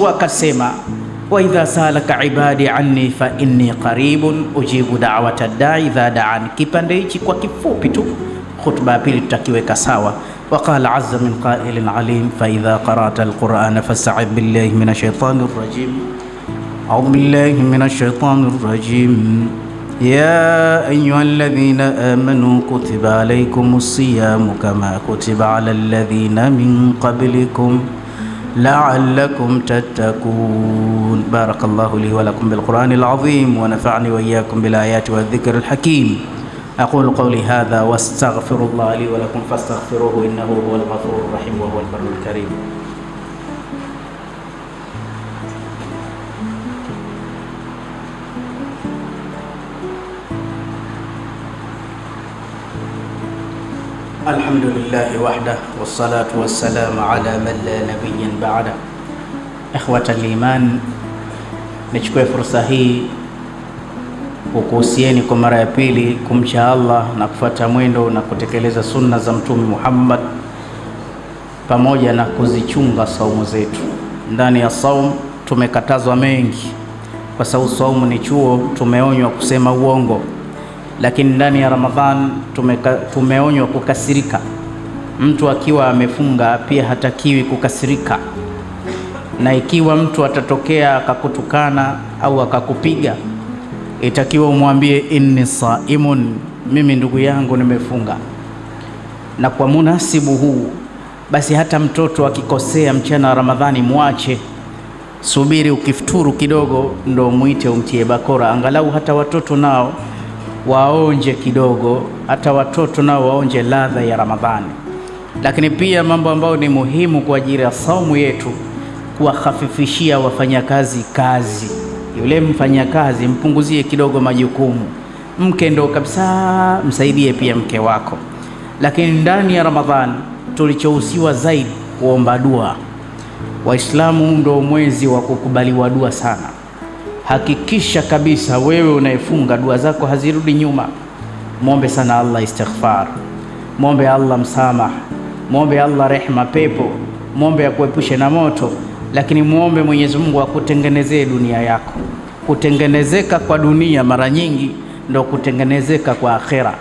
Mungu akasema, wa idha salaka ibadi anni fa inni qaribun ujibu da'wata da'i idha da'an. Kipande hichi kwa kifupi tu, khutba ya pili tutakiweka sawa. Wa qala azza min qailin alim fa idha qara'ta alqur'ana fasta'id billahi minash shaitanir rajim. أعوذ billahi من الشيطان rajim يا أيها الذين آمنوا كتب عليكم الصيام كما كتب على الذين من قبلكم لعلكم تتقون بارك الله لي ولكم بالقرآن العظيم ونفعني وإياكم بالآيات والذكر الحكيم أقول قولي هذا واستغفر الله لي ولكم فاستغفروه إنه هو الغفور الرحيم وهو البر الكريم Alhamdulillahi wahda wassalatu wassalamu ala man la nabiyin ba'da. Ikhwata liman, nichukue fursa hii kukuhusieni kwa mara ya pili kumcha Allah na kufuata mwendo na kutekeleza sunna za Mtume Muhammad pamoja na kuzichunga saumu zetu. Ndani ya saumu tumekatazwa mengi, kwa sababu saumu ni chuo, tumeonywa kusema uongo lakini ndani ya Ramadhan tumeka, tumeonywa kukasirika. Mtu akiwa amefunga pia hatakiwi kukasirika, na ikiwa mtu atatokea akakutukana au akakupiga, itakiwa umwambie inni saimun, mimi ndugu yangu nimefunga. Na kwa munasibu huu basi, hata mtoto akikosea mchana wa Ramadhani mwache, subiri ukifuturu kidogo, ndo mwite umtie bakora, angalau hata watoto nao waonje kidogo, hata watoto nao waonje ladha ya Ramadhani. Lakini pia mambo ambayo ni muhimu kwa ajili ya saumu yetu, kuwahafifishia wafanyakazi kazi. Yule mfanyakazi mpunguzie kidogo majukumu. Mke ndo kabisa, msaidie pia mke wako. Lakini ndani ya Ramadhani tulichohusiwa zaidi kuomba dua. Waislamu ndo mwezi wa kukubaliwa dua sana hakikisha kabisa wewe unayefunga dua zako hazirudi nyuma. Mwombe sana Allah istighfar, mwombe Allah msamaha, mwombe Allah rehma pepo, mwombe akuepushe na moto, lakini mwombe Mwenyezi Mungu akutengenezee dunia yako. Kutengenezeka kwa dunia mara nyingi ndo kutengenezeka kwa akhera.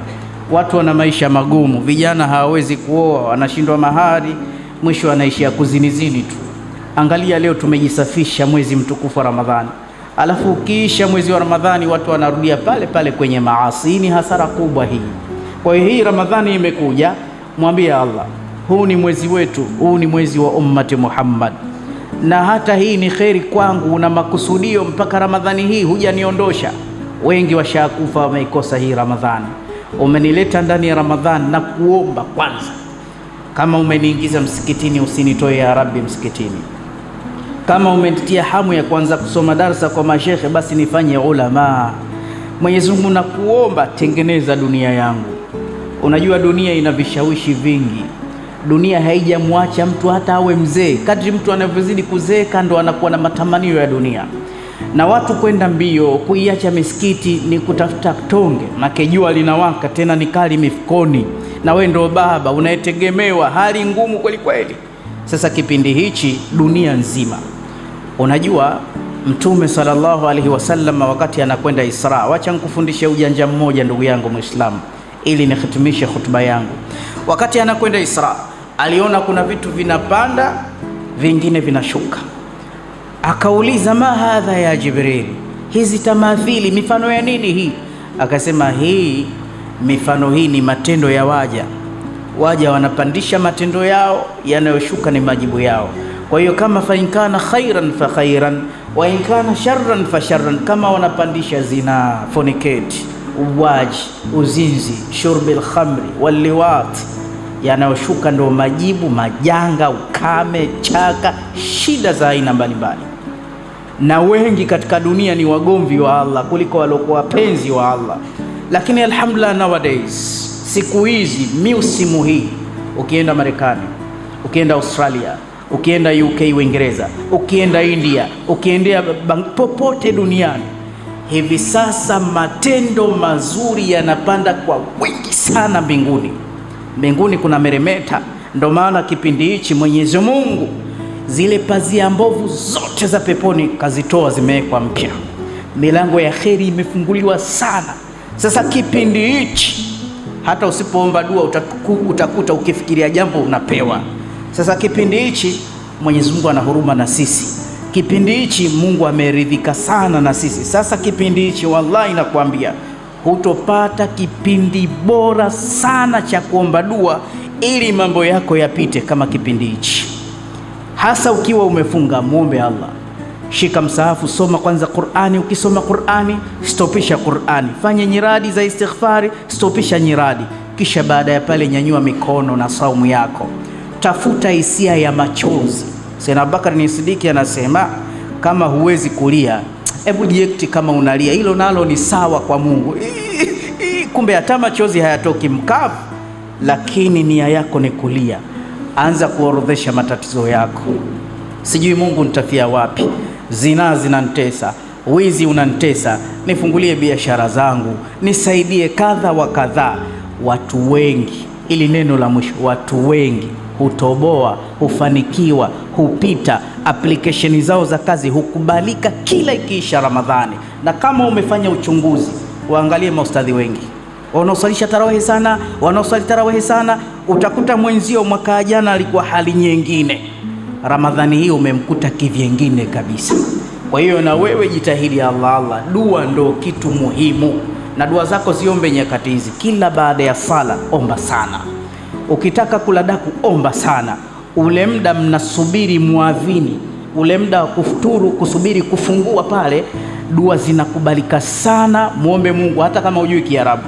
Watu wana maisha magumu, vijana hawawezi kuoa, wanashindwa mahari, mwisho wanaishia kuzinizini tu. Angalia leo tumejisafisha mwezi mtukufu wa Ramadhani alafu kisha mwezi wa Ramadhani watu wanarudia pale pale kwenye maasi. Ni hasara kubwa hii. Kwa hiyo hii Ramadhani imekuja, mwambie Allah, huu ni mwezi wetu, huu ni mwezi wa ummati Muhammad, na hata hii ni kheri kwangu na makusudio, mpaka Ramadhani hii hujaniondosha. Wengi washakufa wameikosa hii Ramadhani. Umenileta ndani ya Ramadhani na kuomba kwanza, kama umeniingiza msikitini usinitoe ya Rabbi msikitini kama umetitia hamu ya kuanza kusoma darsa kwa mashekhe, basi nifanye ulama. Mwenyezi Mungu nakuomba, tengeneza dunia yangu. Unajua dunia ina vishawishi vingi. Dunia haijamwacha mtu hata awe mzee. Kadri mtu anavyozidi kuzeeka, ndo anakuwa na matamanio ya dunia na watu kwenda mbio kuiacha misikiti ni kutafuta tonge, make jua linawaka tena ni kali mifukoni, na wewe ndio baba unayetegemewa, hali ngumu kweli kweli. Sasa kipindi hichi dunia nzima Unajua Mtume sallallahu alaihi wasallam wakati anakwenda Isra, wacha nikufundishe ujanja mmoja ndugu yangu Muislamu, ili nihitimishe hutuba yangu. Wakati anakwenda Isra aliona kuna vitu vinapanda vingine vinashuka, akauliza ma hadha ya Jibril, hizi tamathili mifano ya nini hii? Akasema hii mifano hii ni matendo ya waja, waja wanapandisha matendo yao, yanayoshuka ni majibu yao. Kwa hiyo kama fa inkana khairan fa khairan wa inkana sharran fa sharran, kama wanapandisha zina, fornicate, uwaji, uzinzi, shurbil khamri, walliwat, yanayoshuka ndo majibu majanga, ukame, chaka, shida za aina mbalimbali. Na wengi katika dunia ni wagomvi wa Allah kuliko waliokuwa wapenzi wa Allah, lakini alhamdulillah, nowadays, siku hizi, miusimu hii, ukienda Marekani, ukienda Australia ukienda UK Uingereza, ukienda India, ukiendea popote duniani hivi sasa, matendo mazuri yanapanda kwa wingi sana mbinguni. Mbinguni kuna meremeta. Ndo maana kipindi hichi Mwenyezi Mungu zile pazia mbovu zote za peponi kazitoa, zimewekwa mpya, milango ya kheri imefunguliwa sana. Sasa kipindi hichi hata usipoomba dua utakuta ukifikiria jambo unapewa. Sasa kipindi hichi Mwenyezi Mungu ana huruma na sisi, kipindi hichi Mungu ameridhika sana na sisi. Sasa kipindi hichi, wallahi nakwambia, hutopata kipindi bora sana cha kuomba dua ili mambo yako yapite kama kipindi hichi, hasa ukiwa umefunga. Muombe Allah, shika msahafu, soma kwanza Qur'ani. Ukisoma Qur'ani, stopisha Qur'ani, fanye nyiradi za istighfari, stopisha nyiradi, kisha baada ya pale nyanyua mikono na saumu yako tafuta hisia ya machozi. Sayyidna Abubakar ni Sidiki anasema kama huwezi kulia, hebu jiekti kama unalia, hilo nalo ni sawa kwa Mungu. Kumbe hata machozi hayatoki mkavu, lakini nia yako ni kulia. Anza kuorodhesha matatizo yako. Sijui Mungu nitafia wapi? Zinaa zinantesa wizi unantesa nifungulie biashara zangu, nisaidie kadha wa kadhaa. Watu wengi, ili neno la mwisho, watu wengi hutoboa, hufanikiwa, hupita application zao za kazi, hukubalika kila ikiisha Ramadhani. Na kama umefanya uchunguzi, waangalie maustadhi wengi wanaosalisha tarawehe sana, wanaosali tarawehe sana, utakuta mwenzio mwaka jana alikuwa hali nyingine, Ramadhani hii umemkuta kivyengine kabisa. Kwa hiyo na wewe jitahidi, Allah Allah, dua ndo kitu muhimu, na dua zako ziombe nyakati hizi, kila baada ya sala omba sana. Ukitaka kula daku, omba sana. Ule muda mnasubiri muadhini, ule muda wa kufuturu, kusubiri kufungua pale, dua zinakubalika sana. Muombe Mungu hata kama hujui Kiarabu,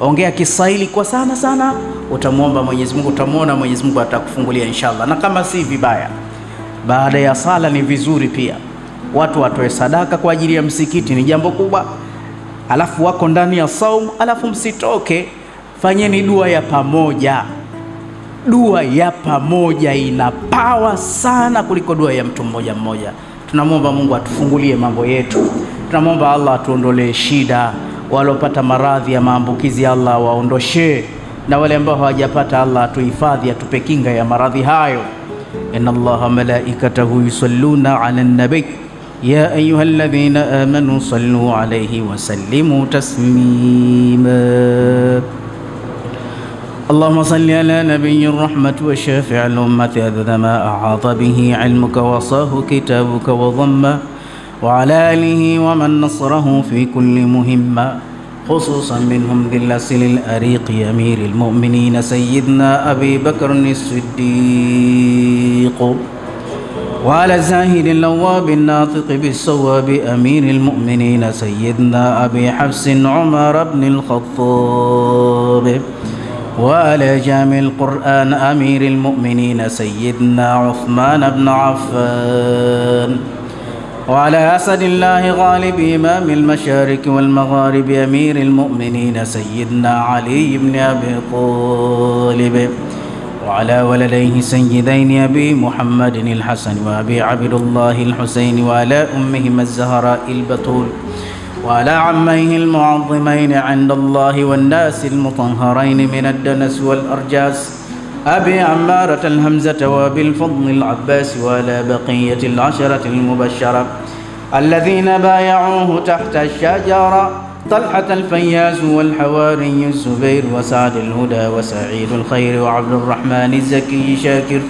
ongea Kiswahili kwa sana sana, utamwomba Mwenyezi Mungu, utamwona Mwenyezi Mungu atakufungulia inshallah. Na kama si vibaya, baada ya sala ni vizuri pia watu watoe sadaka kwa ajili ya msikiti, ni jambo kubwa. Alafu wako ndani ya saumu, alafu msitoke, fanyeni dua ya pamoja. Dua ya pamoja ina pawa sana kuliko dua ya mtu mmoja mmoja. Tunamwomba Mungu atufungulie mambo yetu, tunamwomba Allah atuondolee shida. Waliopata maradhi ya maambukizi Allah waondoshe, na wale ambao hawajapata Allah atuhifadhi, atupe kinga ya maradhi hayo. inna Allaha malaikatahu yusalluna ala nabi ya ayuha alladhina amanu sallu alayhi wa sallimu taslima اللهم صل على نبي الرحمة والشافع الأمة عدد ما أعاط به علمك وصاه كتابك وضمه وعلى آله ومن نصره في كل مهمة خصوصا منهم ذي الأسل الأريق أمير المؤمنين سيدنا أبي بكر الصديق وعلى الزاهد اللواب الناطق بالصواب أمير المؤمنين سيدنا أبي حفص عمر بن الخطاب وعلى جامع القرآن أمير المؤمنين سيدنا عثمان بن عفان وعلى أسد الله غالب إمام المشارق والمغارب أمير المؤمنين سيدنا علي بن أبي طالب وعلى ولديه سيدين أبي محمد الحسن وأبي عبد الله الحسين وعلى أمهما الزهراء البتول وعلى عميه المعظمين عند الله والناس المطهرين من الدنس والأرجاس أبي عمارة الهمزة وأبي الفضل العباس وعلى بقية العشرة المبشرة الذين بايعوه تحت الشجرة طلحة الفياس والحواري الزبير وسعد الهدى وسعيد الخير وعبد الرحمن الزكي شاكر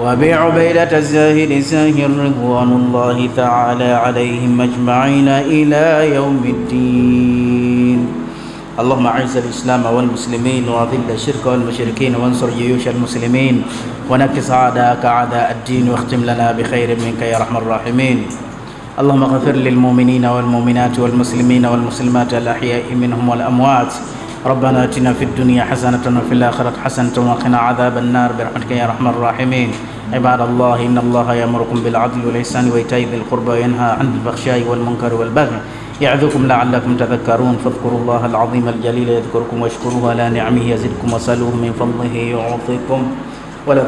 وأبي عبيدة الزاهد ساهر رضوان الله تعالى عليهم أجمعين إلى يوم الدين اللهم أعز الإسلام والمسلمين وأذل الشرك والمشركين وانصر جيوش المسلمين ونكس أعداءك أعداء الدين واختم لنا بخير منك يا أرحم الراحمين اللهم اغفر للمؤمنين والمؤمنات والمسلمين والمسلمات الأحياء منهم والأموات ربنا اتنا في الدنيا حسنة وفي الآخرة حسنة وقنا عذاب النار برحمتك يا أرحم الراحمين عباد الله إن الله يأمركم بالعدل والإحسان وإيتاء ذي القربى وينهى عن الفحشاء والمنكر والبغي يعظكم لعلكم تذكرون فاذكروا الله العظيم الجليل يذكركم واشكروه على نعمه يزدكم وسلوه من فضله يعطيكم ولا